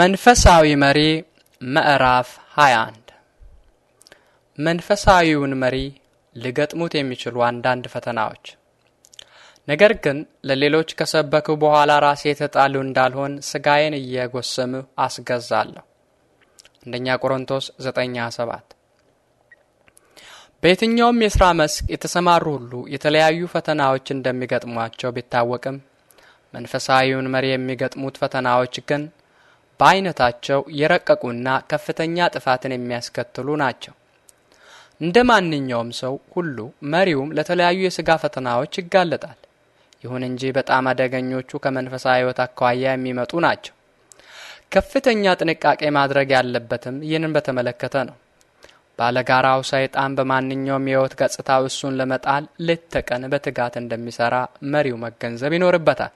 መንፈሳዊ መሪ ምዕራፍ 21 መንፈሳዊውን መሪ ሊገጥሙት የሚችሉ አንዳንድ ፈተናዎች። ነገር ግን ለሌሎች ከሰበኩ በኋላ ራሴ የተጣሉ እንዳልሆን ስጋዬን እየጎሰሙ አስገዛለሁ። አንደኛ ቆሮንቶስ 97 በየትኛውም የሥራ መስክ የተሰማሩ ሁሉ የተለያዩ ፈተናዎች እንደሚገጥሟቸው ቢታወቅም መንፈሳዊውን መሪ የሚገጥሙት ፈተናዎች ግን በአይነታቸው የረቀቁና ከፍተኛ ጥፋትን የሚያስከትሉ ናቸው። እንደ ማንኛውም ሰው ሁሉ መሪውም ለተለያዩ የሥጋ ፈተናዎች ይጋለጣል። ይሁን እንጂ በጣም አደገኞቹ ከመንፈሳዊ ሕይወት አኳያ የሚመጡ ናቸው። ከፍተኛ ጥንቃቄ ማድረግ ያለበትም ይህንን በተመለከተ ነው። ባለጋራው ሰይጣን በማንኛውም የሕይወት ገጽታ እሱን ለመጣል ሌት ተቀን በትጋት እንደሚሠራ መሪው መገንዘብ ይኖርበታል።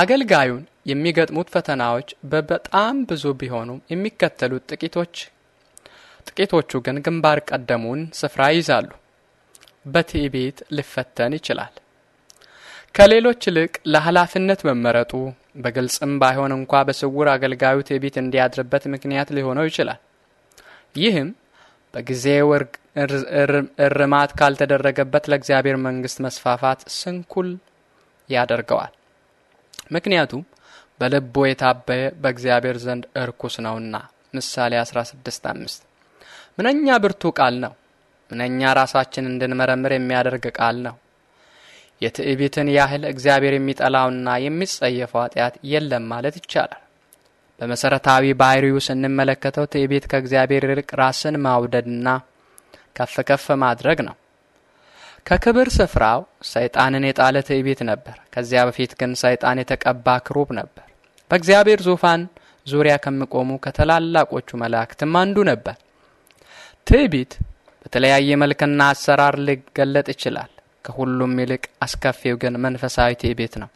አገልጋዩን የሚገጥሙት ፈተናዎች በበጣም ብዙ ቢሆኑም የሚከተሉት ጥቂቶች ጥቂቶቹ ግን ግንባር ቀደሙን ስፍራ ይይዛሉ። በትዕቢት ሊፈተን ይችላል። ከሌሎች ይልቅ ለኃላፊነት መመረጡ በግልጽም ባይሆን እንኳ በስውር አገልጋዩ ትዕቢት እንዲያድርበት ምክንያት ሊሆነው ይችላል። ይህም በጊዜ እርማት ካልተደረገበት ለእግዚአብሔር መንግስት መስፋፋት ስንኩል ያደርገዋል። ምክንያቱም በልቦ የታበየ በእግዚአብሔር ዘንድ እርኩስ ነውና። ምሳሌ 16 5 ምንኛ ብርቱ ቃል ነው! ምንኛ ራሳችን እንድንመረምር የሚያደርግ ቃል ነው! የትዕቢትን ያህል እግዚአብሔር የሚጠላውና የሚጸየፈው ኃጢአት የለም ማለት ይቻላል። በመሠረታዊ ባህሪው ስንመለከተው ትዕቢት ከእግዚአብሔር ይልቅ ራስን ማውደድና ከፍ ከፍ ማድረግ ነው። ከክብር ስፍራው ሰይጣንን የጣለ ትዕቢት ነበር። ከዚያ በፊት ግን ሰይጣን የተቀባ ክሩብ ነበር። በእግዚአብሔር ዙፋን ዙሪያ ከሚቆሙ ከተላላቆቹ መላእክትም አንዱ ነበር። ትዕቢት በተለያየ መልክና አሰራር ሊገለጥ ይችላል። ከሁሉም ይልቅ አስከፊው ግን መንፈሳዊ ትዕቢት ነው።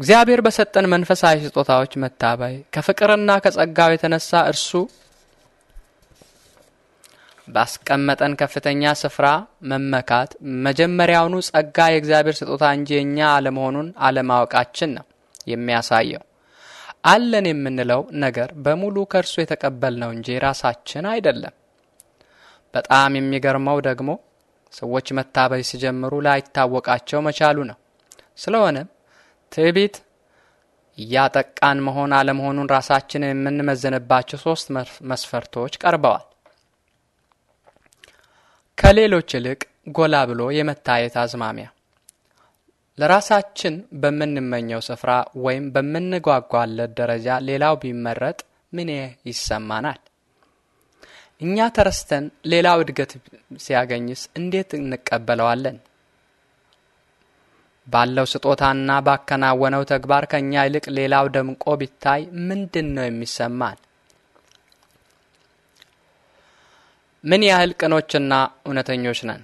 እግዚአብሔር በሰጠን መንፈሳዊ ስጦታዎች መታበይ ከፍቅርና ከጸጋው የተነሳ እርሱ ባስቀመጠን ከፍተኛ ስፍራ መመካት መጀመሪያውኑ ጸጋ የእግዚአብሔር ስጦታ እንጂ እኛ አለመሆኑን አለማወቃችን ነው የሚያሳየው። አለን የምንለው ነገር በሙሉ ከእርሱ የተቀበልነው እንጂ ራሳችን አይደለም። በጣም የሚገርመው ደግሞ ሰዎች መታበይ ሲጀምሩ ላይታወቃቸው መቻሉ ነው። ስለሆነም ትዕቢት እያጠቃን መሆን አለመሆኑን ራሳችንን የምንመዘንባቸው ሶስት መስፈርቶች ቀርበዋል። ከሌሎች ይልቅ ጎላ ብሎ የመታየት አዝማሚያ ለራሳችን በምንመኘው ስፍራ ወይም በምንጓጓለት ደረጃ ሌላው ቢመረጥ ምን ይሰማናል? እኛ ተረስተን ሌላው እድገት ሲያገኝስ እንዴት እንቀበለዋለን? ባለው ስጦታና ባከናወነው ተግባር ከእኛ ይልቅ ሌላው ደምቆ ቢታይ ምንድን ነው የሚሰማን? ምን ያህል ቅኖችና እውነተኞች ነን?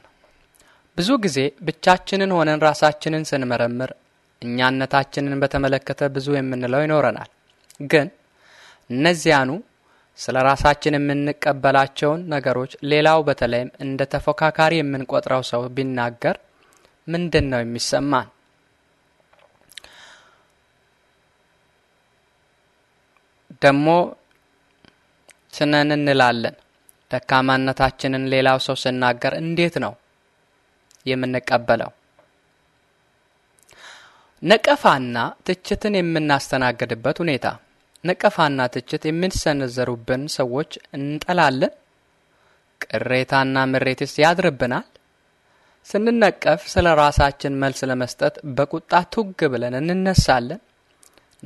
ብዙ ጊዜ ብቻችንን ሆነን ራሳችንን ስንመረምር እኛነታችንን በተመለከተ ብዙ የምንለው ይኖረናል። ግን እነዚያኑ ስለ ራሳችን የምንቀበላቸውን ነገሮች ሌላው በተለይም እንደ ተፎካካሪ የምንቆጥረው ሰው ቢናገር ምንድን ነው የሚሰማን? ደግሞ ችነን እንላለን። ደካማነታችንን ሌላው ሰው ሲናገር እንዴት ነው የምንቀበለው? ነቀፋና ትችትን የምናስተናግድበት ሁኔታ። ነቀፋና ትችት የሚሰነዘሩብን ሰዎች እንጠላለን? ቅሬታና ምሬትስ ያድርብናል? ስንነቀፍ ስለ ራሳችን መልስ ለመስጠት በቁጣ ቱግ ብለን እንነሳለን?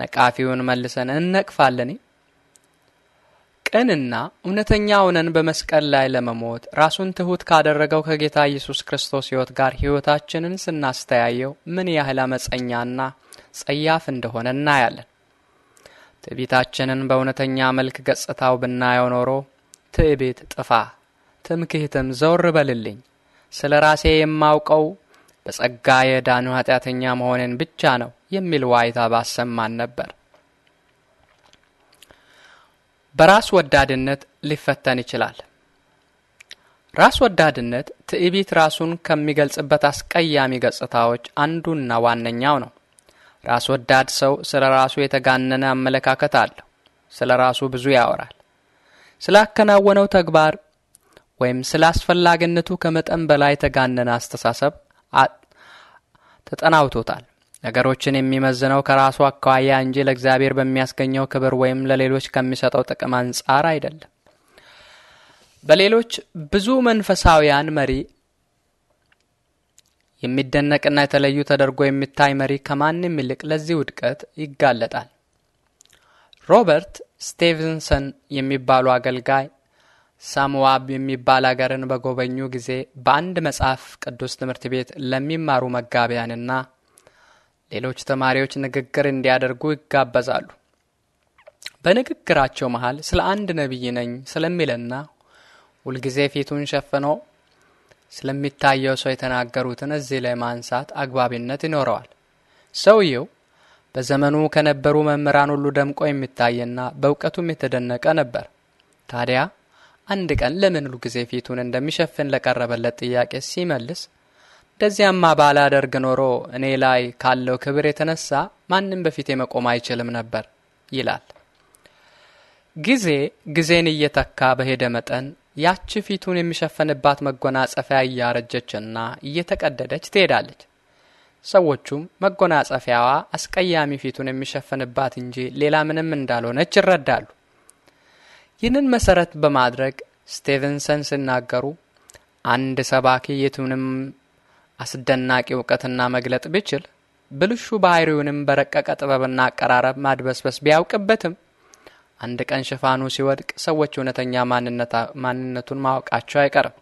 ነቃፊውን መልሰን እንነቅፋለን? ቅንና እውነተኛ ሆነን በመስቀል ላይ ለመሞት ራሱን ትሑት ካደረገው ከጌታ ኢየሱስ ክርስቶስ ሕይወት ጋር ሕይወታችንን ስናስተያየው ምን ያህል አመፀኛና ጸያፍ እንደሆነ እናያለን። ትዕቢታችንን በእውነተኛ መልክ ገጽታው ብናየው ኖሮ ትዕቢት ጥፋ፣ ትምክህትም ዘውር በልልኝ፣ ስለ ራሴ የማውቀው በጸጋ የዳኑ ኃጢአተኛ መሆኔን ብቻ ነው የሚል ዋይታ ባሰማን ነበር። በራስ ወዳድነት ሊፈተን ይችላል። ራስ ወዳድነት ትዕቢት ራሱን ከሚገልጽበት አስቀያሚ ገጽታዎች አንዱና ዋነኛው ነው። ራስ ወዳድ ሰው ስለ ራሱ የተጋነነ አመለካከት አለው። ስለ ራሱ ብዙ ያወራል። ስላከናወነው ተግባር ወይም ስለ አስፈላጊነቱ ከመጠን በላይ የተጋነነ አስተሳሰብ ተጠናውቶታል። ነገሮችን የሚመዝነው ከራሱ አኳያ እንጂ ለእግዚአብሔር በሚያስገኘው ክብር ወይም ለሌሎች ከሚሰጠው ጥቅም አንጻር አይደለም። በሌሎች ብዙ መንፈሳውያን መሪ የሚደነቅና የተለዩ ተደርጎ የሚታይ መሪ ከማንም ይልቅ ለዚህ ውድቀት ይጋለጣል። ሮበርት ስቴቨንሰን የሚባሉ አገልጋይ ሳሙዋብ የሚባል አገርን በጎበኙ ጊዜ በአንድ መጽሐፍ ቅዱስ ትምህርት ቤት ለሚማሩ መጋቢያንና ሌሎች ተማሪዎች ንግግር እንዲያደርጉ ይጋበዛሉ። በንግግራቸው መሃል ስለ አንድ ነቢይ ነኝ ስለሚልና ሁልጊዜ ፊቱን ሸፍኖ ስለሚታየው ሰው የተናገሩትን እዚህ ላይ ማንሳት አግባቢነት ይኖረዋል። ሰውየው በዘመኑ ከነበሩ መምህራን ሁሉ ደምቆ የሚታይና በእውቀቱም የተደነቀ ነበር። ታዲያ አንድ ቀን ለምን ሁልጊዜ ፊቱን እንደሚሸፍን ለቀረበለት ጥያቄ ሲመልስ እንደዚያማ ባላደርግ ኖሮ እኔ ላይ ካለው ክብር የተነሳ ማንም በፊቴ መቆም አይችልም ነበር ይላል። ጊዜ ጊዜን እየተካ በሄደ መጠን ያቺ ፊቱን የሚሸፈንባት መጎናጸፊያ እያረጀችና እየተቀደደች ትሄዳለች። ሰዎቹም መጎናጸፊያዋ አስቀያሚ ፊቱን የሚሸፍንባት እንጂ ሌላ ምንም እንዳልሆነች ይረዳሉ። ይህንን መሰረት በማድረግ ስቴቨንሰን ሲናገሩ አንድ ሰባኪ የቱንም አስደናቂ እውቀትና መግለጥ ቢችል ብልሹ ባህሪውንም በረቀቀ ጥበብና አቀራረብ ማድበስበስ ቢያውቅበትም አንድ ቀን ሽፋኑ ሲወድቅ ሰዎች እውነተኛ ማንነቱን ማወቃቸው አይቀርም።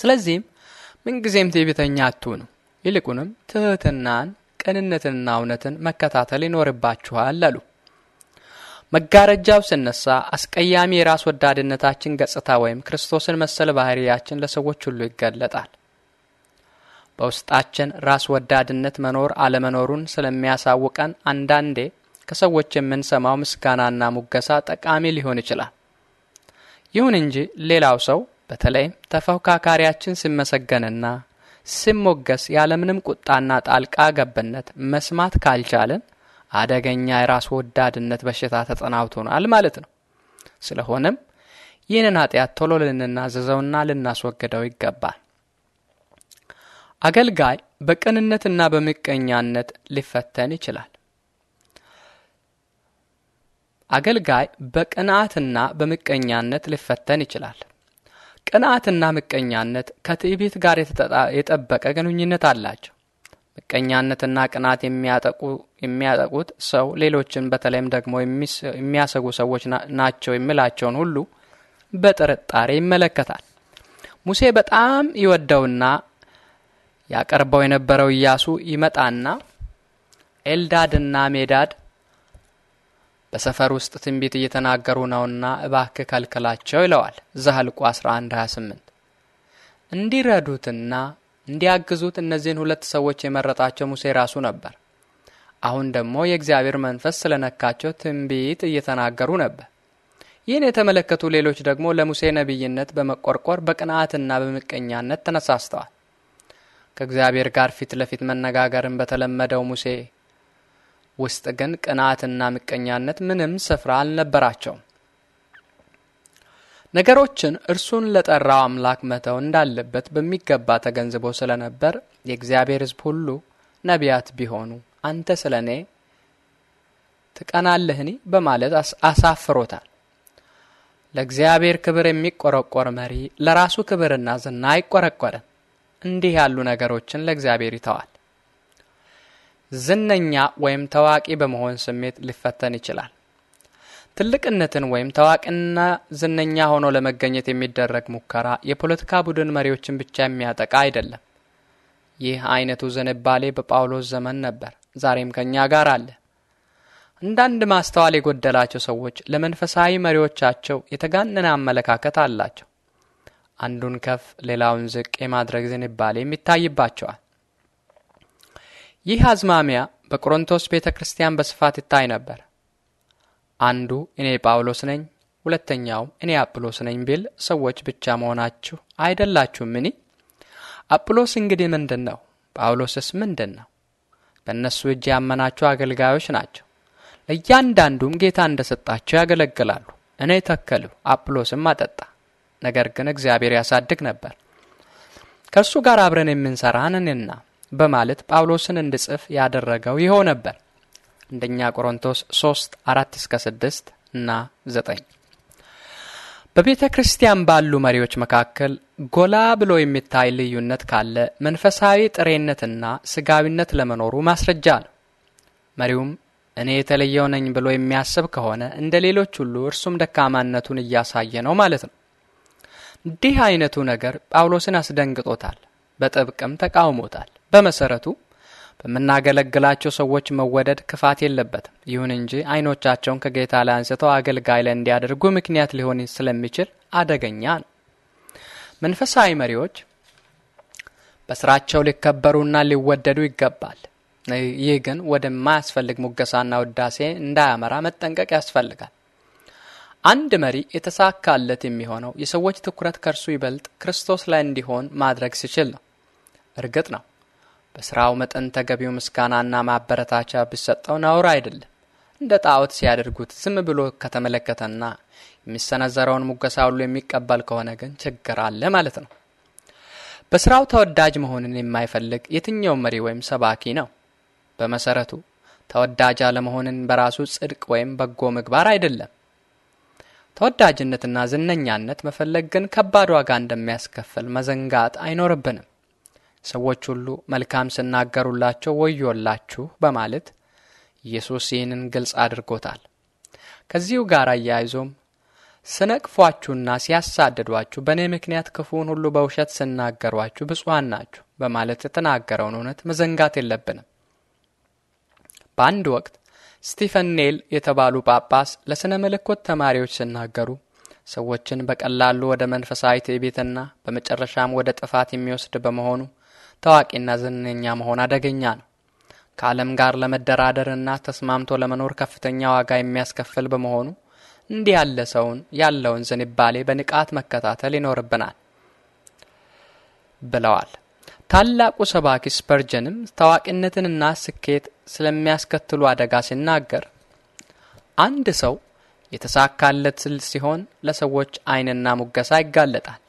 ስለዚህም ምንጊዜም ትዕቢተኛ አትሁኑ። ይልቁንም ትህትናን፣ ቅንነትንና እውነትን መከታተል ይኖርባችኋል አሉ። መጋረጃው ስነሳ አስቀያሚ የራስ ወዳድነታችን ገጽታ ወይም ክርስቶስን መሰል ባህሪያችን ለሰዎች ሁሉ ይገለጣል። በውስጣችን ራስ ወዳድነት መኖር አለመኖሩን ስለሚያሳውቀን አንዳንዴ ከሰዎች የምንሰማው ምስጋናና ሙገሳ ጠቃሚ ሊሆን ይችላል። ይሁን እንጂ ሌላው ሰው በተለይም ተፎካካሪያችን ሲመሰገንና ሲሞገስ ያለምንም ቁጣና ጣልቃ ገብነት መስማት ካልቻልን አደገኛ የራስ ወዳድነት በሽታ ተጠናውቶናል ማለት ነው። ስለሆነም ይህንን ኃጢአት ቶሎ ልንናዘዘውና ልናስወግደው ይገባል። አገልጋይ በቅንነትና በምቀኛነት ሊፈተን ይችላል። አገልጋይ በቅንዓትና በምቀኛነት ሊፈተን ይችላል። ቅንዓትና ምቀኛነት ከትዕቢት ጋር የጠበቀ ግንኙነት አላቸው። ምቀኛነትና ቅንዓት የሚያጠቁት ሰው ሌሎችን በተለይም ደግሞ የሚያሰጉ ሰዎች ናቸው የሚላቸውን ሁሉ በጥርጣሬ ይመለከታል። ሙሴ በጣም ይወደውና ያቀርበው የነበረው ኢያሱ ይመጣና ኤልዳድና ሜዳድ በሰፈር ውስጥ ትንቢት እየተናገሩ ነውና እባክህ ከልክላቸው ይለዋል። ዘኍልቍ 11፥28 እንዲረዱትና እንዲያግዙት እነዚህን ሁለት ሰዎች የመረጣቸው ሙሴ ራሱ ነበር። አሁን ደግሞ የእግዚአብሔር መንፈስ ስለነካቸው ትንቢት እየተናገሩ ነበር። ይህን የተመለከቱ ሌሎች ደግሞ ለሙሴ ነቢይነት በመቆርቆር በቅንዓትና በምቀኛነት ተነሳስተዋል። ከእግዚአብሔር ጋር ፊት ለፊት መነጋገርን በተለመደው ሙሴ ውስጥ ግን ቅንዓትና ምቀኛነት ምንም ስፍራ አልነበራቸውም። ነገሮችን እርሱን ለጠራው አምላክ መተው እንዳለበት በሚገባ ተገንዝቦ ስለነበር የእግዚአብሔር ሕዝብ ሁሉ ነቢያት ቢሆኑ አንተ ስለ እኔ ትቀናለህኒ በማለት አሳፍሮታል። ለእግዚአብሔር ክብር የሚቆረቆር መሪ ለራሱ ክብርና ዝና አይቆረቆርም። እንዲህ ያሉ ነገሮችን ለእግዚአብሔር ይተዋል። ዝነኛ ወይም ታዋቂ በመሆን ስሜት ሊፈተን ይችላል። ትልቅነትን ወይም ታዋቂና ዝነኛ ሆኖ ለመገኘት የሚደረግ ሙከራ የፖለቲካ ቡድን መሪዎችን ብቻ የሚያጠቃ አይደለም። ይህ አይነቱ ዝንባሌ በጳውሎስ ዘመን ነበር፣ ዛሬም ከእኛ ጋር አለ። አንዳንድ ማስተዋል የጎደላቸው ሰዎች ለመንፈሳዊ መሪዎቻቸው የተጋነነ አመለካከት አላቸው። አንዱን ከፍ ሌላውን ዝቅ የማድረግ ዝንባሌ ይታይባቸዋል። ይህ አዝማሚያ በቆሮንቶስ ቤተ ክርስቲያን በስፋት ይታይ ነበር። አንዱ እኔ ጳውሎስ ነኝ፣ ሁለተኛውም እኔ አጵሎስ ነኝ ቢል ሰዎች ብቻ መሆናችሁ አይደላችሁም? እኔ አጵሎስ እንግዲህ ምንድን ነው? ጳውሎስስ ምንድን ነው? በእነሱ እጅ ያመናችሁ አገልጋዮች ናቸው። ለእያንዳንዱም ጌታ እንደ ሰጣቸው ያገለግላሉ። እኔ ተከልሁ፣ አጵሎስም አጠጣ። ነገር ግን እግዚአብሔር ያሳድግ ነበር ከእርሱ ጋር አብረን የምንሰራንንና በማለት ጳውሎስን እንድጽፍ ያደረገው ይኸው ነበር። አንደኛ ቆሮንቶስ 3 4 እስከ 6 እና 9 በቤተ ክርስቲያን ባሉ መሪዎች መካከል ጎላ ብሎ የሚታይ ልዩነት ካለ መንፈሳዊ ጥሬነትና ስጋዊነት ለመኖሩ ማስረጃ ነው። መሪውም እኔ የተለየው ነኝ ብሎ የሚያስብ ከሆነ እንደ ሌሎች ሁሉ እርሱም ደካማነቱን እያሳየ ነው ማለት ነው። እንዲህ አይነቱ ነገር ጳውሎስን አስደንግጦታል፣ በጥብቅም ተቃውሞታል። በመሰረቱ በምናገለግላቸው ሰዎች መወደድ ክፋት የለበትም። ይሁን እንጂ አይኖቻቸውን ከጌታ ላይ አንስተው አገልጋይ ላይ እንዲያደርጉ ምክንያት ሊሆን ስለሚችል አደገኛ ነው። መንፈሳዊ መሪዎች በስራቸው ሊከበሩና ሊወደዱ ይገባል። ይህ ግን ወደማያስፈልግ ሙገሳና ውዳሴ እንዳያመራ መጠንቀቅ ያስፈልጋል። አንድ መሪ የተሳካለት የሚሆነው የሰዎች ትኩረት ከእርሱ ይበልጥ ክርስቶስ ላይ እንዲሆን ማድረግ ሲችል ነው። እርግጥ ነው በስራው መጠን ተገቢው ምስጋናና ማበረታቻ ቢሰጠው ነውር አይደለም። እንደ ጣዖት ሲያደርጉት ዝም ብሎ ከተመለከተና የሚሰነዘረውን ሙገሳ ሁሉ የሚቀበል ከሆነ ግን ችግር አለ ማለት ነው። በስራው ተወዳጅ መሆንን የማይፈልግ የትኛው መሪ ወይም ሰባኪ ነው። በመሰረቱ ተወዳጅ አለመሆንን በራሱ ጽድቅ ወይም በጎ ምግባር አይደለም። ተወዳጅነትና ዝነኛነት መፈለግ ግን ከባድ ዋጋ እንደሚያስከፍል መዘንጋት አይኖርብንም። ሰዎች ሁሉ መልካም ስናገሩላቸው ወዮላችሁ በማለት ኢየሱስ ይህንን ግልጽ አድርጎታል። ከዚሁ ጋር አያይዞም ስነቅፏችሁና ሲያሳደዷችሁ በእኔ ምክንያት ክፉውን ሁሉ በውሸት ስናገሯችሁ ብፁዓን ናችሁ በማለት የተናገረውን እውነት መዘንጋት የለብንም። በአንድ ወቅት ስቲፈን ኔል የተባሉ ጳጳስ ለሥነ መለኮት ተማሪዎች ሲናገሩ ሰዎችን በቀላሉ ወደ መንፈሳዊ ትዕቢትና በመጨረሻም ወደ ጥፋት የሚወስድ በመሆኑ ታዋቂና ዝነኛ መሆን አደገኛ ነው። ከዓለም ጋር ለመደራደርና ተስማምቶ ለመኖር ከፍተኛ ዋጋ የሚያስከፍል በመሆኑ እንዲህ ያለ ሰውን ያለውን ዝንባሌ በንቃት መከታተል ይኖርብናል ብለዋል። ታላቁ ሰባኪ ስፐርጀንም ታዋቂነትንና ስኬት ስለሚያስከትሉ አደጋ ሲናገር አንድ ሰው የተሳካለት ስል ሲሆን ለሰዎች አይንና ሙገሳ ይጋለጣል።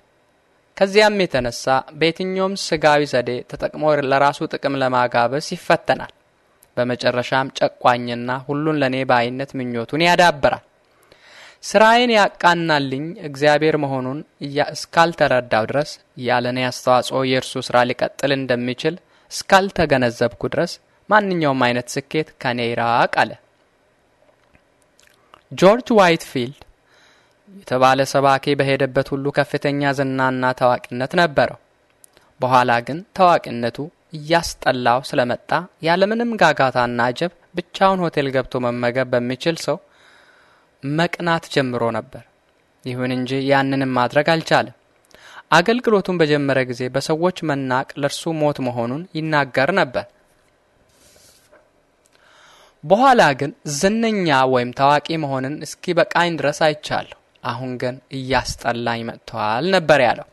ከዚያም የተነሳ በየትኛውም ስጋዊ ዘዴ ተጠቅሞ ለራሱ ጥቅም ለማጋበስ ይፈተናል። በመጨረሻም ጨቋኝና ሁሉን ለኔ በአይነት ምኞቱን ያዳብራል። ስራዬን ያቃናልኝ እግዚአብሔር መሆኑን እስካልተረዳው ድረስ ያለኔ አስተዋጽኦ የእርሱ ስራ ሊቀጥል እንደሚችል እስካልተገነዘብኩ ድረስ ማንኛውም አይነት ስኬት ከኔ ይራቅ አለ። ጆርጅ ዋይትፊልድ የተባለ ሰባኪ በሄደበት ሁሉ ከፍተኛ ዝናና ታዋቂነት ነበረው። በኋላ ግን ታዋቂነቱ እያስጠላው ስለመጣ ያለምንም ጋጋታና አጀብ ብቻውን ሆቴል ገብቶ መመገብ በሚችል ሰው መቅናት ጀምሮ ነበር። ይሁን እንጂ ያንንም ማድረግ አልቻለም። አገልግሎቱን በጀመረ ጊዜ በሰዎች መናቅ ለእርሱ ሞት መሆኑን ይናገር ነበር። በኋላ ግን ዝነኛ ወይም ታዋቂ መሆንን እስኪ በቃኝ ድረስ አይቻለሁ፣ አሁን ግን እያስጠላኝ መጥተዋል ነበር ያለው።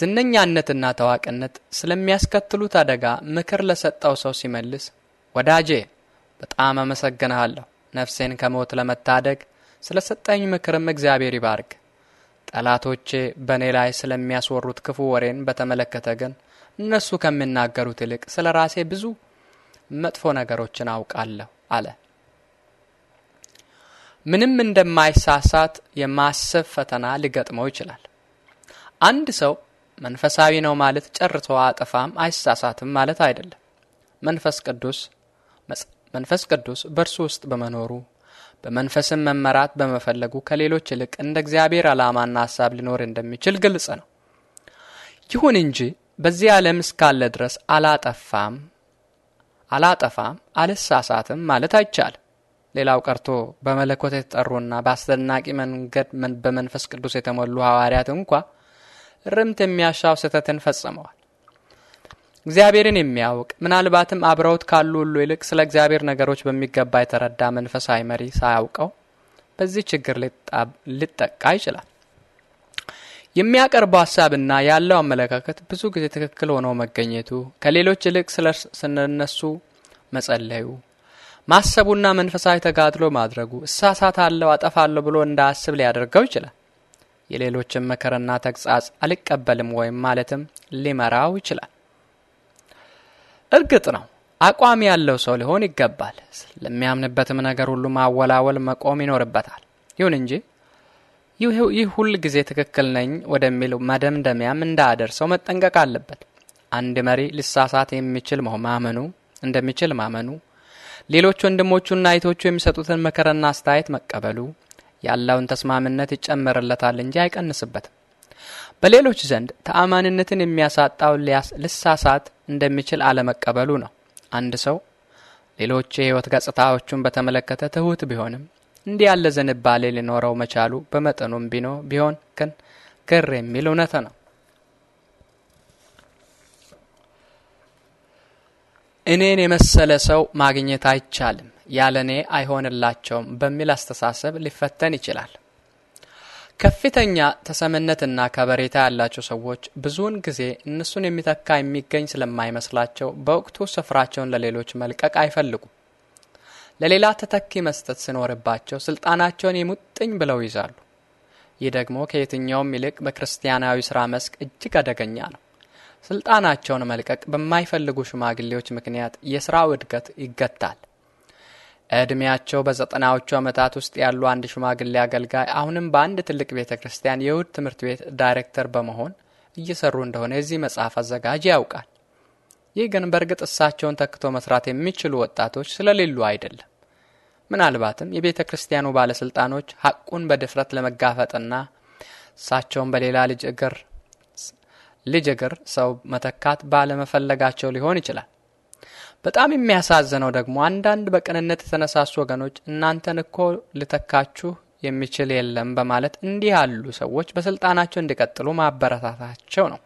ዝነኛነትና ታዋቂነት ስለሚያስከትሉት አደጋ ምክር ለሰጠው ሰው ሲመልስ ወዳጄ በጣም አመሰግንሃለሁ ነፍሴን ከሞት ለመታደግ ስለ ሰጠኝ ምክርም እግዚአብሔር ይባርክ። ጠላቶቼ በእኔ ላይ ስለሚያስወሩት ክፉ ወሬን በተመለከተ ግን እነሱ ከሚናገሩት ይልቅ ስለ ራሴ ብዙ መጥፎ ነገሮችን አውቃለሁ አለ። ምንም እንደማይሳሳት የማሰብ ፈተና ሊገጥመው ይችላል። አንድ ሰው መንፈሳዊ ነው ማለት ጨርሶ አጠፋም አይሳሳትም ማለት አይደለም። መንፈስ ቅዱስ መንፈስ ቅዱስ በእርሱ ውስጥ በመኖሩ በመንፈስም መመራት በመፈለጉ ከሌሎች ይልቅ እንደ እግዚአብሔር ዓላማና ሐሳብ ሊኖር እንደሚችል ግልጽ ነው። ይሁን እንጂ በዚህ ዓለም እስካለ ድረስ አላጠፋም አላጠፋም አልሳሳትም ማለት አይቻልም። ሌላው ቀርቶ በመለኮት የተጠሩና በአስደናቂ መንገድ በመንፈስ ቅዱስ የተሞሉ ሐዋርያት እንኳ ርምት የሚያሻው ስህተትን ፈጽመዋል። እግዚአብሔርን የሚያውቅ ምናልባትም አብረውት ካሉ ሁሉ ይልቅ ስለ እግዚአብሔር ነገሮች በሚገባ የተረዳ መንፈሳዊ መሪ ሳያውቀው በዚህ ችግር ሊጠቃ ይችላል። የሚያቀርበው ሀሳብና ያለው አመለካከት ብዙ ጊዜ ትክክል ሆነው መገኘቱ፣ ከሌሎች ይልቅ ስለነሱ መጸለዩ፣ ማሰቡና መንፈሳዊ ተጋድሎ ማድረጉ እሳሳታለሁ፣ አጠፋለሁ ብሎ እንዳያስብ ሊያደርገው ይችላል። የሌሎችን ምክርና ተግጻጽ አልቀበልም ወይም ማለትም ሊመራው ይችላል። እርግጥ ነው አቋም ያለው ሰው ሊሆን ይገባል። ስለሚያምንበትም ነገር ሁሉ ማወላወል መቆም ይኖርበታል። ይሁን እንጂ ይህ ሁል ጊዜ ትክክል ነኝ ወደሚል መደምደሚያም እንዳደርሰው መጠንቀቅ አለበት። አንድ መሪ ሊሳሳት የሚችል ማመኑ እንደሚችል ማመኑ፣ ሌሎች ወንድሞቹና አይቶቹ የሚሰጡትን ምክርና አስተያየት መቀበሉ ያለውን ተስማሚነት ይጨምርለታል እንጂ አይቀንስበትም። በሌሎች ዘንድ ተአማንነትን የሚያሳጣው ልሳሳት እንደሚችል አለመቀበሉ ነው። አንድ ሰው ሌሎች የህይወት ገጽታዎቹን በተመለከተ ትሑት ቢሆንም እንዲህ ያለ ዝንባሌ ሊኖረው መቻሉ በመጠኑም ቢኖ ቢሆን ግን ግር የሚል እውነት ነው። እኔን የመሰለ ሰው ማግኘት አይቻልም፣ ያለ እኔ አይሆንላቸውም በሚል አስተሳሰብ ሊፈተን ይችላል። ከፍተኛ ተሰምነትና ከበሬታ ያላቸው ሰዎች ብዙውን ጊዜ እነሱን የሚተካ የሚገኝ ስለማይመስላቸው በወቅቱ ስፍራቸውን ለሌሎች መልቀቅ አይፈልጉም። ለሌላ ተተኪ መስጠት ሲኖርባቸው ስልጣናቸውን የሙጥኝ ብለው ይዛሉ። ይህ ደግሞ ከየትኛውም ይልቅ በክርስቲያናዊ ሥራ መስክ እጅግ አደገኛ ነው። ስልጣናቸውን መልቀቅ በማይፈልጉ ሽማግሌዎች ምክንያት የሥራው እድገት ይገታል። ዕድሜያቸው በዘጠናዎቹ ዓመታት ውስጥ ያሉ አንድ ሽማግሌ አገልጋይ አሁንም በአንድ ትልቅ ቤተ ክርስቲያን የእሁድ ትምህርት ቤት ዳይሬክተር በመሆን እየሰሩ እንደሆነ የዚህ መጽሐፍ አዘጋጅ ያውቃል። ይህ ግን በእርግጥ እሳቸውን ተክቶ መስራት የሚችሉ ወጣቶች ስለሌሉ አይደለም። ምናልባትም የቤተ ክርስቲያኑ ባለሥልጣኖች ሐቁን በድፍረት ለመጋፈጥና እሳቸውን በሌላ ልጅ እግር ልጅ እግር ሰው መተካት ባለመፈለጋቸው ሊሆን ይችላል። በጣም የሚያሳዝነው ደግሞ አንዳንድ በቅንነት የተነሳሱ ወገኖች እናንተን እኮ ልተካችሁ የሚችል የለም በማለት እንዲህ ያሉ ሰዎች በስልጣናቸው እንዲቀጥሉ ማበረታታቸው ነው።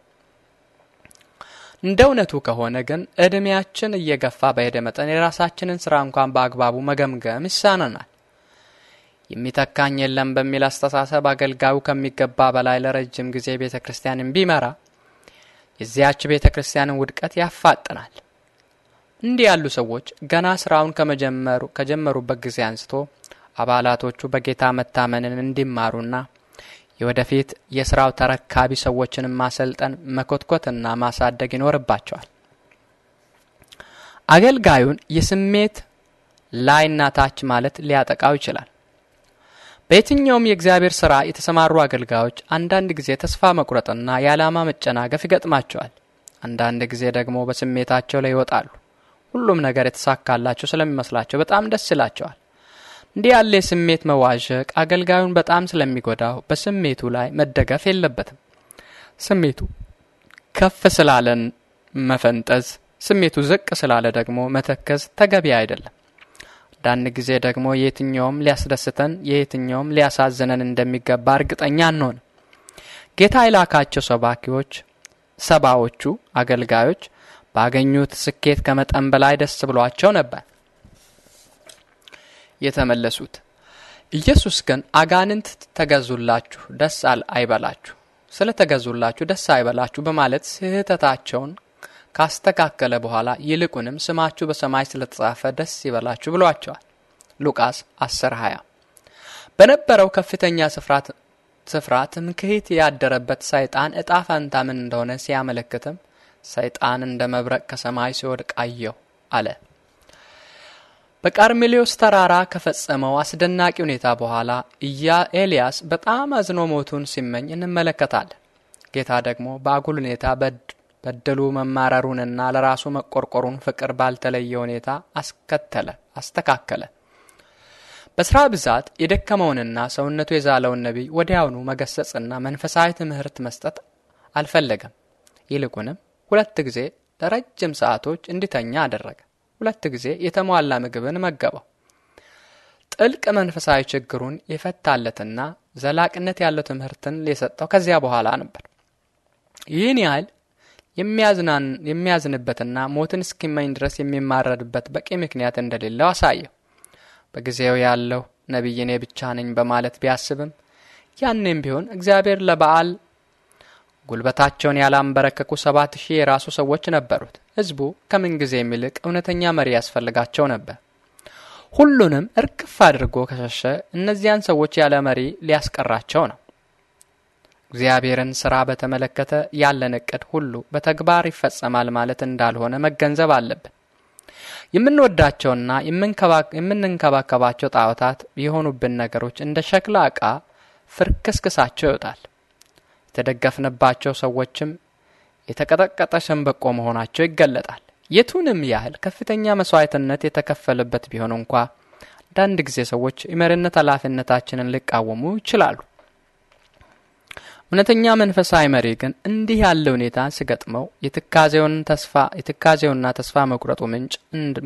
እንደ እውነቱ ከሆነ ግን እድሜያችን እየገፋ በሄደ መጠን የራሳችንን ስራ እንኳን በአግባቡ መገምገም ይሳነናል። የሚተካኝ የለም በሚል አስተሳሰብ አገልጋዩ ከሚገባ በላይ ለረጅም ጊዜ ቤተ ክርስቲያንን ቢመራ የዚያች ቤተ ክርስቲያንን ውድቀት ያፋጥናል። እንዲህ ያሉ ሰዎች ገና ስራውን ከመጀመሩ ከጀመሩበት ጊዜ አንስቶ አባላቶቹ በጌታ መታመንን እንዲማሩና የወደፊት የስራው ተረካቢ ሰዎችን ማሰልጠን መኮትኮትና ማሳደግ ይኖርባቸዋል። አገልጋዩን የስሜት ላይና ታች ማለት ሊያጠቃው ይችላል። በየትኛውም የእግዚአብሔር ስራ የተሰማሩ አገልጋዮች አንዳንድ ጊዜ ተስፋ መቁረጥና የዓላማ መጨናገፍ ይገጥማቸዋል። አንዳንድ ጊዜ ደግሞ በስሜታቸው ላይ ይወጣሉ። ሁሉም ነገር የተሳካላቸው ስለሚመስላቸው በጣም ደስ ይላቸዋል። እንዲህ ያለ የስሜት መዋዠቅ አገልጋዩን በጣም ስለሚጎዳው በስሜቱ ላይ መደገፍ የለበትም። ስሜቱ ከፍ ስላለን መፈንጠዝ፣ ስሜቱ ዝቅ ስላለ ደግሞ መተከዝ ተገቢ አይደለም። አንዳንድ ጊዜ ደግሞ የትኛውም ሊያስደስተን የየትኛውም ሊያሳዝነን እንደሚገባ እርግጠኛ አንሆንም። ጌታ የላካቸው ሰባኪዎች ሰባዎቹ አገልጋዮች ባገኙት ስኬት ከመጠን በላይ ደስ ብሏቸው ነበር የተመለሱት። ኢየሱስ ግን አጋንንት ተገዙላችሁ ደስ አይበላችሁ ስለ ተገዙላችሁ ደስ አይበላችሁ በማለት ስህተታቸውን ካስተካከለ በኋላ ይልቁንም ስማችሁ በሰማይ ስለተጻፈ ደስ ይበላችሁ ብሏቸዋል። ሉቃስ 10 20 በነበረው ከፍተኛ ስፍራ ትምክህት ያደረበት ሰይጣን እጣ ፈንታ ምን እንደሆነ ሲያመለክትም ሰይጣን እንደ መብረቅ ከሰማይ ሲወድቅ አየሁ አለ። በቃርሜሌዎስ ተራራ ከፈጸመው አስደናቂ ሁኔታ በኋላ እያ ኤልያስ በጣም አዝኖ ሞቱን ሲመኝ እንመለከታለን። ጌታ ደግሞ በአጉል ሁኔታ በደሉ መማረሩንና ለራሱ መቆርቆሩን ፍቅር ባልተለየ ሁኔታ አስከተለ አስተካከለ። በስራ ብዛት የደከመውንና ሰውነቱ የዛለውን ነቢይ ወዲያውኑ መገሰጽና መንፈሳዊ ትምህርት መስጠት አልፈለገም። ይልቁንም ሁለት ጊዜ ለረጅም ሰዓቶች እንዲተኛ አደረገ። ሁለት ጊዜ የተሟላ ምግብን መገበው። ጥልቅ መንፈሳዊ ችግሩን የፈታለትና ዘላቂነት ያለው ትምህርትን የሰጠው ከዚያ በኋላ ነበር። ይህን ያህል የሚያዝንበትና ሞትን እስኪመኝ ድረስ የሚማረድበት በቂ ምክንያት እንደሌለው አሳየው። በጊዜው ያለው ነቢይ እኔ ብቻ ነኝ በማለት ቢያስብም ያኔም ቢሆን እግዚአብሔር ለበዓል ጉልበታቸውን ያላንበረከኩ ሰባት ሺህ የራሱ ሰዎች ነበሩት። ሕዝቡ ከምን ጊዜም ይልቅ እውነተኛ መሪ ያስፈልጋቸው ነበር። ሁሉንም እርግፍ አድርጎ ከሸሸ እነዚያን ሰዎች ያለ መሪ ሊያስቀራቸው ነው። እግዚአብሔርን ሥራ በተመለከተ ያለን እቅድ ሁሉ በተግባር ይፈጸማል ማለት እንዳልሆነ መገንዘብ አለብን። የምንወዳቸውና የምንንከባከባቸው ጣዖታት የሆኑብን ነገሮች እንደ ሸክላ ዕቃ ፍርክስክሳቸው ይወጣል። የተደገፍንባቸው ሰዎችም የተቀጠቀጠ ሸንበቆ መሆናቸው ይገለጣል። የቱንም ያህል ከፍተኛ መስዋዕትነት የተከፈለበት ቢሆን እንኳ አንዳንድ ጊዜ ሰዎች የመሪነት ኃላፊነታችንን ሊቃወሙ ይችላሉ። እውነተኛ መንፈሳዊ መሪ ግን እንዲህ ያለ ሁኔታ ሲገጥመው የትካዜውን ተስፋ የትካዜውና ተስፋ መቁረጡ ምንጭ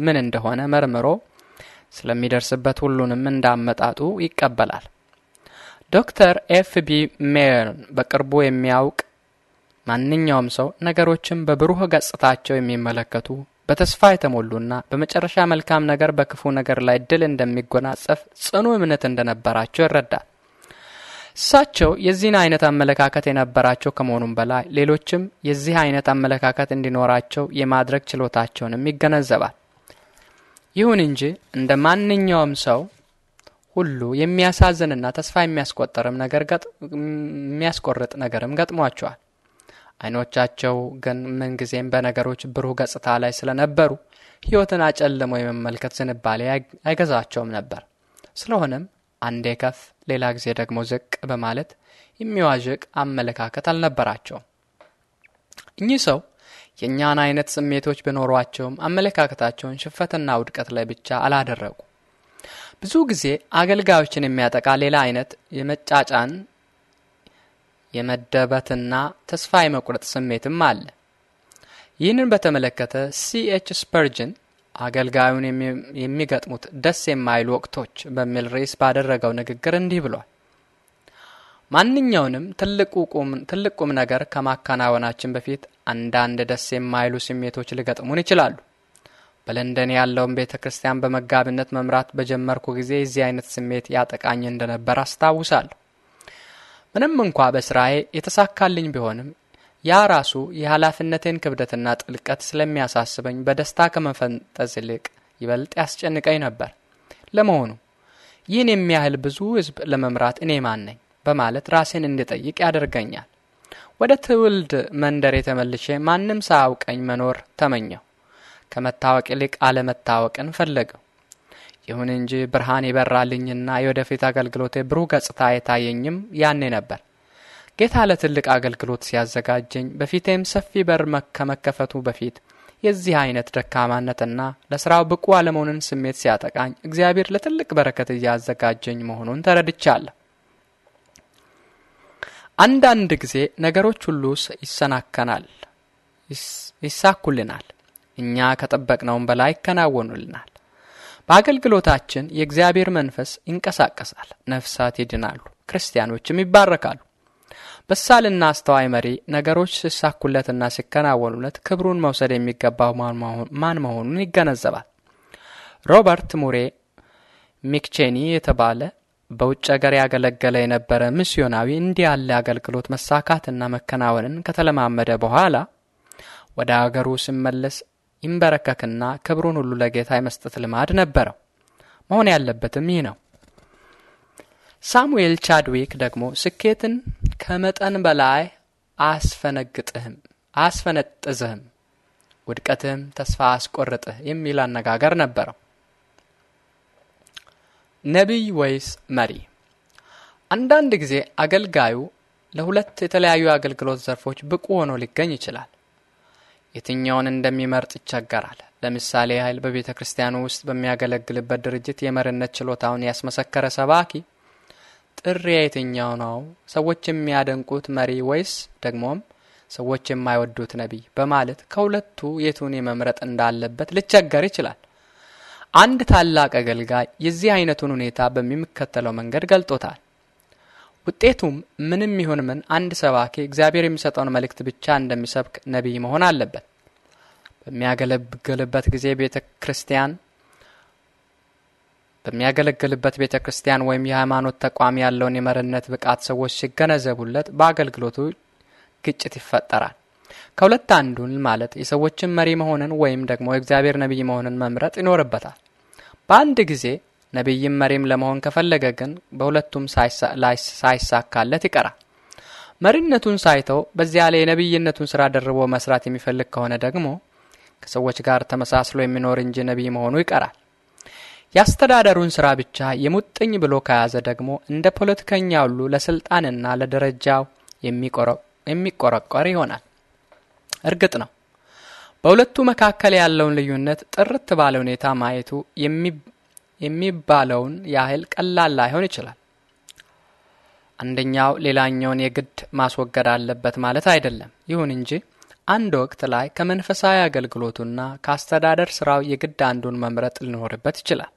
ምን እንደሆነ መርምሮ ስለሚደርስበት ሁሉንም እንዳመጣጡ ይቀበላል። ዶክተር ኤፍ ቢ ሜየርን በቅርቡ የሚያውቅ ማንኛውም ሰው ነገሮችን በብሩህ ገጽታቸው የሚመለከቱ በተስፋ የተሞሉና በመጨረሻ መልካም ነገር በክፉ ነገር ላይ ድል እንደሚጎናጸፍ ጽኑ እምነት እንደነበራቸው ይረዳል። እሳቸው የዚህን አይነት አመለካከት የነበራቸው ከመሆኑም በላይ ሌሎችም የዚህ አይነት አመለካከት እንዲኖራቸው የማድረግ ችሎታቸውንም ይገነዘባል። ይሁን እንጂ እንደ ማንኛውም ሰው ሁሉ የሚያሳዝንና ተስፋ የሚያስቆጠርም ነገር የሚያስቆርጥ ነገርም ገጥሟቸዋል። አይኖቻቸው ግን ምንጊዜም በነገሮች ብሩህ ገጽታ ላይ ስለነበሩ ሕይወትን አጨልሞ የመመልከት ዝንባሌ አይገዛቸውም ነበር። ስለሆነም አንዴ ከፍ ሌላ ጊዜ ደግሞ ዝቅ በማለት የሚዋዥቅ አመለካከት አልነበራቸውም። እኚህ ሰው የእኛን አይነት ስሜቶች ቢኖሯቸውም አመለካከታቸውን ሽንፈትና ውድቀት ላይ ብቻ አላደረጉ ብዙ ጊዜ አገልጋዮችን የሚያጠቃ ሌላ አይነት የመጫጫን የመደበትና ተስፋ የመቁረጥ ስሜትም አለ። ይህንን በተመለከተ ሲኤች ስፐርጅን አገልጋዩን የሚገጥሙት ደስ የማይሉ ወቅቶች በሚል ርዕስ ባደረገው ንግግር እንዲህ ብሏል። ማንኛውንም ትልቅ ቁም ነገር ከማከናወናችን በፊት አንዳንድ ደስ የማይሉ ስሜቶች ሊገጥሙን ይችላሉ። በለንደን ያለውን ቤተ ክርስቲያን በመጋቢነት መምራት በጀመርኩ ጊዜ የዚህ አይነት ስሜት ያጠቃኝ እንደነበር አስታውሳለሁ። ምንም እንኳ በስራዬ የተሳካልኝ ቢሆንም ያ ራሱ የኃላፊነቴን ክብደትና ጥልቀት ስለሚያሳስበኝ በደስታ ከመፈንጠዝ ይልቅ ይበልጥ ያስጨንቀኝ ነበር። ለመሆኑ ይህን የሚያህል ብዙ ሕዝብ ለመምራት እኔ ማን ነኝ? በማለት ራሴን እንድጠይቅ ያደርገኛል። ወደ ትውልድ መንደሬ ተመልሼ ማንም ሳያውቀኝ መኖር ተመኘው። ከመታወቅ ይልቅ አለመታወቅን ፈለገው። ይሁን እንጂ ብርሃን ይበራልኝና የወደፊት አገልግሎቴ ብሩህ ገጽታ የታየኝም ያኔ ነበር። ጌታ ለትልቅ አገልግሎት ሲያዘጋጀኝ በፊቴም ሰፊ በር ከመከፈቱ በፊት የዚህ አይነት ደካማነትና ለሥራው ብቁ አለመሆንን ስሜት ሲያጠቃኝ እግዚአብሔር ለትልቅ በረከት እያዘጋጀኝ መሆኑን ተረድቻለሁ። አንዳንድ ጊዜ ነገሮች ሁሉ ይሰናከናል፣ ይሳኩልናል። እኛ ከጠበቅነውም በላይ ይከናወኑልናል። በአገልግሎታችን የእግዚአብሔር መንፈስ ይንቀሳቀሳል፣ ነፍሳት ይድናሉ፣ ክርስቲያኖችም ይባረካሉ። በሳልና አስተዋይ መሪ ነገሮች ሲሳኩለትና ሲከናወኑለት ክብሩን መውሰድ የሚገባው ማን መሆኑን ይገነዘባል። ሮበርት ሙሬ ሚክቼኒ የተባለ በውጭ አገር ያገለገለ የነበረ ሚስዮናዊ እንዲህ ያለ አገልግሎት መሳካትና መከናወንን ከተለማመደ በኋላ ወደ አገሩ ሲመለስ ይንበረከክና ክብሩን ሁሉ ለጌታ የመስጠት ልማድ ነበረው። መሆን ያለበትም ይህ ነው። ሳሙኤል ቻድዊክ ደግሞ ስኬትን ከመጠን በላይ አስፈነግጥህም አስፈነጥዝህም ውድቀትህም ተስፋ አስቆርጥህ የሚል አነጋገር ነበረው። ነቢይ ወይስ መሪ? አንዳንድ ጊዜ አገልጋዩ ለሁለት የተለያዩ አገልግሎት ዘርፎች ብቁ ሆኖ ሊገኝ ይችላል። የትኛውን እንደሚመርጥ ይቸገራል። ለምሳሌ ያህል በቤተ ክርስቲያኑ ውስጥ በሚያገለግልበት ድርጅት የመሪነት ችሎታውን ያስመሰከረ ሰባኪ ጥሪ የትኛው ነው? ሰዎች የሚያደንቁት መሪ ወይስ ደግሞም ሰዎች የማይወዱት ነቢይ? በማለት ከሁለቱ የቱን የመምረጥ እንዳለበት ሊቸገር ይችላል። አንድ ታላቅ አገልጋይ የዚህ አይነቱን ሁኔታ በሚከተለው መንገድ ገልጦታል። ውጤቱም ምንም ይሁን ምን አንድ ሰባኪ እግዚአብሔር የሚሰጠውን መልእክት ብቻ እንደሚሰብክ ነቢይ መሆን አለበት። በሚያገለግልበት ጊዜ ቤተ ክርስቲያን በሚያገለግልበት ቤተ ክርስቲያን ወይም የሃይማኖት ተቋም ያለውን የመሪነት ብቃት ሰዎች ሲገነዘቡለት በአገልግሎቱ ግጭት ይፈጠራል። ከሁለት አንዱን ማለት የሰዎችን መሪ መሆንን ወይም ደግሞ የእግዚአብሔር ነቢይ መሆንን መምረጥ ይኖርበታል። በአንድ ጊዜ ነቢይም መሪም ለመሆን ከፈለገ ግን በሁለቱም ሳይሳካለት ይቀራል። መሪነቱን ሳይተው በዚያ ላይ የነቢይነቱን ስራ ደርቦ መስራት የሚፈልግ ከሆነ ደግሞ ከሰዎች ጋር ተመሳስሎ የሚኖር እንጂ ነቢይ መሆኑ ይቀራል። የአስተዳደሩን ስራ ብቻ የሙጥኝ ብሎ ከያዘ ደግሞ እንደ ፖለቲከኛ ሁሉ ለስልጣንና ለደረጃው የሚቆረቆር ይሆናል። እርግጥ ነው በሁለቱ መካከል ያለውን ልዩነት ጥርት ባለ ሁኔታ ማየቱ የሚባለውን ያህል ቀላል ላይሆን ይችላል። አንደኛው ሌላኛውን የግድ ማስወገድ አለበት ማለት አይደለም። ይሁን እንጂ አንድ ወቅት ላይ ከመንፈሳዊ አገልግሎቱና ከአስተዳደር ስራው የግድ አንዱን መምረጥ ሊኖርበት ይችላል።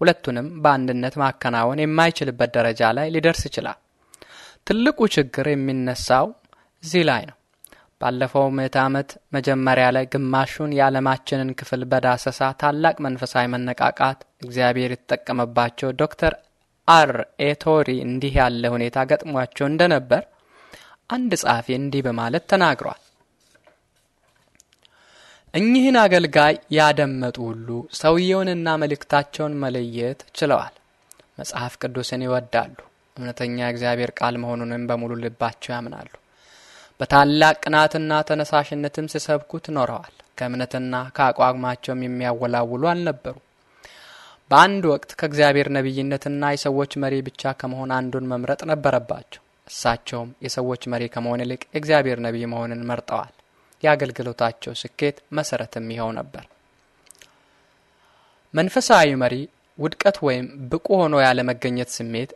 ሁለቱንም በአንድነት ማከናወን የማይችልበት ደረጃ ላይ ሊደርስ ይችላል። ትልቁ ችግር የሚነሳው እዚህ ላይ ነው። ባለፈው ምዕት ዓመት መጀመሪያ ላይ ግማሹን የዓለማችንን ክፍል በዳሰሳ ታላቅ መንፈሳዊ መነቃቃት እግዚአብሔር የተጠቀመባቸው ዶክተር አር ኤቶሪ እንዲህ ያለ ሁኔታ ገጥሟቸው እንደነበር አንድ ጸሐፊ እንዲህ በማለት ተናግሯል። እኚህን አገልጋይ ያደመጡ ሁሉ ሰውየውንና መልእክታቸውን መለየት ችለዋል። መጽሐፍ ቅዱስን ይወዳሉ። እውነተኛ እግዚአብሔር ቃል መሆኑንም በሙሉ ልባቸው ያምናሉ። በታላቅ ቅናትና ተነሳሽነትም ሲሰብኩ ኖረዋል። ከእምነትና ከአቋማቸውም የሚያወላውሉ አልነበሩ። በአንድ ወቅት ከእግዚአብሔር ነቢይነትና የሰዎች መሪ ብቻ ከመሆን አንዱን መምረጥ ነበረባቸው። እሳቸውም የሰዎች መሪ ከመሆን ይልቅ የእግዚአብሔር ነቢይ መሆንን መርጠዋል። የአገልግሎታቸው ስኬት መሰረትም ይኸው ነበር። መንፈሳዊ መሪ ውድቀት ወይም ብቁ ሆኖ ያለመገኘት ስሜት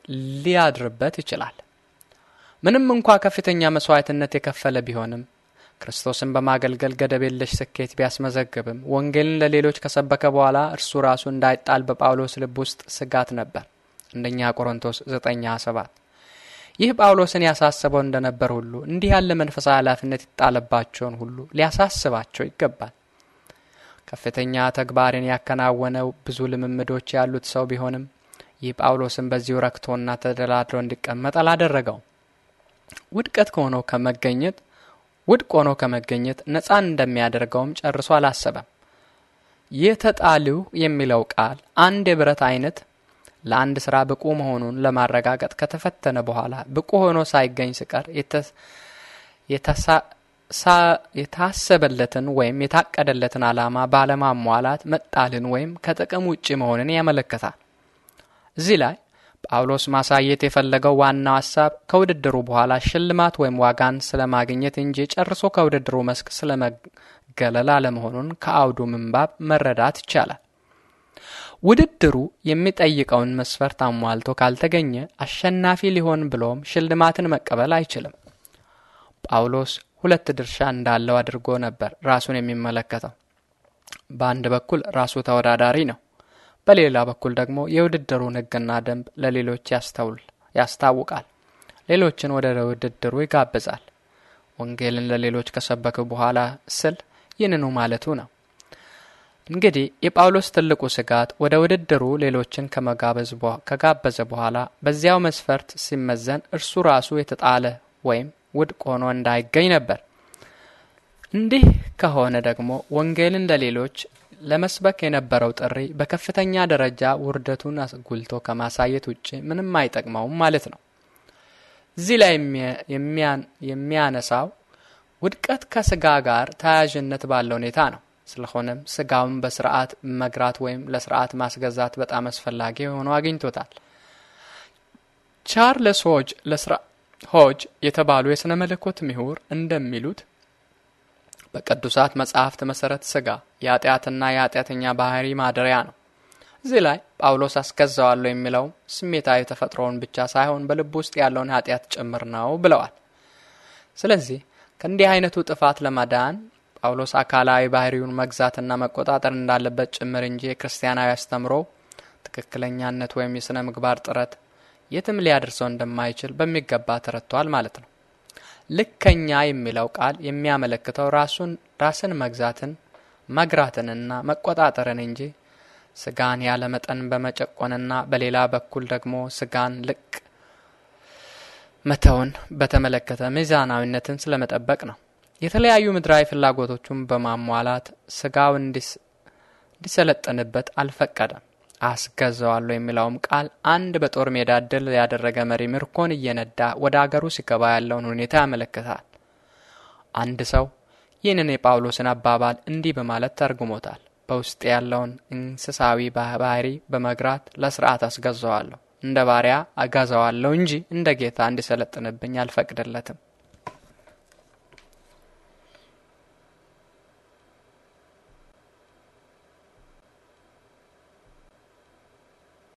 ሊያድርበት ይችላል። ምንም እንኳ ከፍተኛ መስዋዕትነት የከፈለ ቢሆንም ክርስቶስን በማገልገል ገደብ የለሽ ስኬት ቢያስመዘግብም ወንጌልን ለሌሎች ከሰበከ በኋላ እርሱ ራሱ እንዳይጣል በጳውሎስ ልብ ውስጥ ስጋት ነበር። አንደኛ ቆሮንቶስ 97 ይህ ጳውሎስን ያሳስበው እንደነበር ሁሉ እንዲህ ያለ መንፈሳዊ ኃላፊነት ይጣለባቸውን ሁሉ ሊያሳስባቸው ይገባል። ከፍተኛ ተግባርን ያከናወነው ብዙ ልምምዶች ያሉት ሰው ቢሆንም ይህ ጳውሎስን በዚሁ ረክቶና ተደላድሎ እንዲቀመጥ አላደረገውም። ውድቀት ከሆኖ ከመገኘት ውድቅ ሆኖ ከመገኘት ነፃን እንደሚያደርገውም ጨርሶ አላሰበም። የተጣሊው የሚለው ቃል አንድ የብረት አይነት ለአንድ ስራ ብቁ መሆኑን ለማረጋገጥ ከተፈተነ በኋላ ብቁ ሆኖ ሳይገኝ ስቀር የታሰበለትን ወይም የታቀደለትን ዓላማ ባለማሟላት መጣልን ወይም ከጥቅም ውጭ መሆንን ያመለክታል። እዚህ ላይ ጳውሎስ ማሳየት የፈለገው ዋናው ሐሳብ ከውድድሩ በኋላ ሽልማት ወይም ዋጋን ስለማግኘት እንጂ ጨርሶ ከውድድሩ መስክ ስለመገለል አለመሆኑን ከአውዱ ምንባብ መረዳት ይቻላል። ውድድሩ የሚጠይቀውን መስፈርት አሟልቶ ካልተገኘ አሸናፊ ሊሆን ብሎም ሽልማትን መቀበል አይችልም። ጳውሎስ ሁለት ድርሻ እንዳለው አድርጎ ነበር ራሱን የሚመለከተው። በአንድ በኩል ራሱ ተወዳዳሪ ነው። በሌላ በኩል ደግሞ የውድድሩን ሕግና ደንብ ለሌሎች ያስተውል ያስታውቃል። ሌሎችን ወደ ውድድሩ ይጋብዛል። ወንጌልን ለሌሎች ከሰበክ በኋላ ስል ይህንኑ ማለቱ ነው። እንግዲህ የጳውሎስ ትልቁ ስጋት ወደ ውድድሩ ሌሎችን ከመጋበዝ ከጋበዘ በኋላ በዚያው መስፈርት ሲመዘን እርሱ ራሱ የተጣለ ወይም ውድቅ ሆኖ እንዳይገኝ ነበር። እንዲህ ከሆነ ደግሞ ወንጌልን ለሌሎች ለመስበክ የነበረው ጥሪ በከፍተኛ ደረጃ ውርደቱን አጉልቶ ከማሳየት ውጭ ምንም አይጠቅመውም ማለት ነው። እዚህ ላይ የሚያነሳው ውድቀት ከስጋ ጋር ተያያዥነት ባለው ሁኔታ ነው። ስለሆነም ስጋውን በስርዓት መግራት ወይም ለስርዓት ማስገዛት በጣም አስፈላጊ ሆኖ አግኝቶታል። ቻርለስ ሆጅ የተባሉ የሥነ መለኮት ምሁር እንደሚሉት በቅዱሳት መጽሐፍት መሠረት ሥጋ የኃጢአትና የኃጢአተኛ ባህሪ ማደሪያ ነው። እዚህ ላይ ጳውሎስ አስገዛዋለሁ የሚለው ስሜታዊ ተፈጥሮውን ብቻ ሳይሆን በልብ ውስጥ ያለውን ኃጢአት ጭምር ነው ብለዋል። ስለዚህ ከእንዲህ አይነቱ ጥፋት ለማዳን ጳውሎስ አካላዊ ባህሪውን መግዛትና መቆጣጠር እንዳለበት ጭምር እንጂ የክርስቲያናዊ አስተምሮ ትክክለኛነት ወይም የሥነ ምግባር ጥረት የትም ሊያደርሰው እንደማይችል በሚገባ ተረድቷል ማለት ነው። ልከኛ የሚለው ቃል የሚያመለክተው ራሱን ራስን መግዛትን መግራትንና መቆጣጠርን እንጂ ስጋን ያለ መጠን በመጨቆንና በሌላ በኩል ደግሞ ስጋን ልቅ መተውን በተመለከተ ሚዛናዊነትን ስለመጠበቅ ነው። የተለያዩ ምድራዊ ፍላጎቶቹን በማሟላት ስጋው እንዲሰለጠንበት አልፈቀደም። አስገዛዋለሁ የሚለውም ቃል አንድ በጦር ሜዳ ድል ያደረገ መሪ ምርኮን እየነዳ ወደ አገሩ ሲገባ ያለውን ሁኔታ ያመለክታል። አንድ ሰው ይህንን የጳውሎስን አባባል እንዲህ በማለት ተርጉሞታል። በውስጥ ያለውን እንስሳዊ ባህሪ በመግራት ለስርዓት አስገዛዋለሁ፣ እንደ ባሪያ አገዛዋለሁ እንጂ እንደ ጌታ እንዲሰለጥንብኝ አልፈቅድለትም።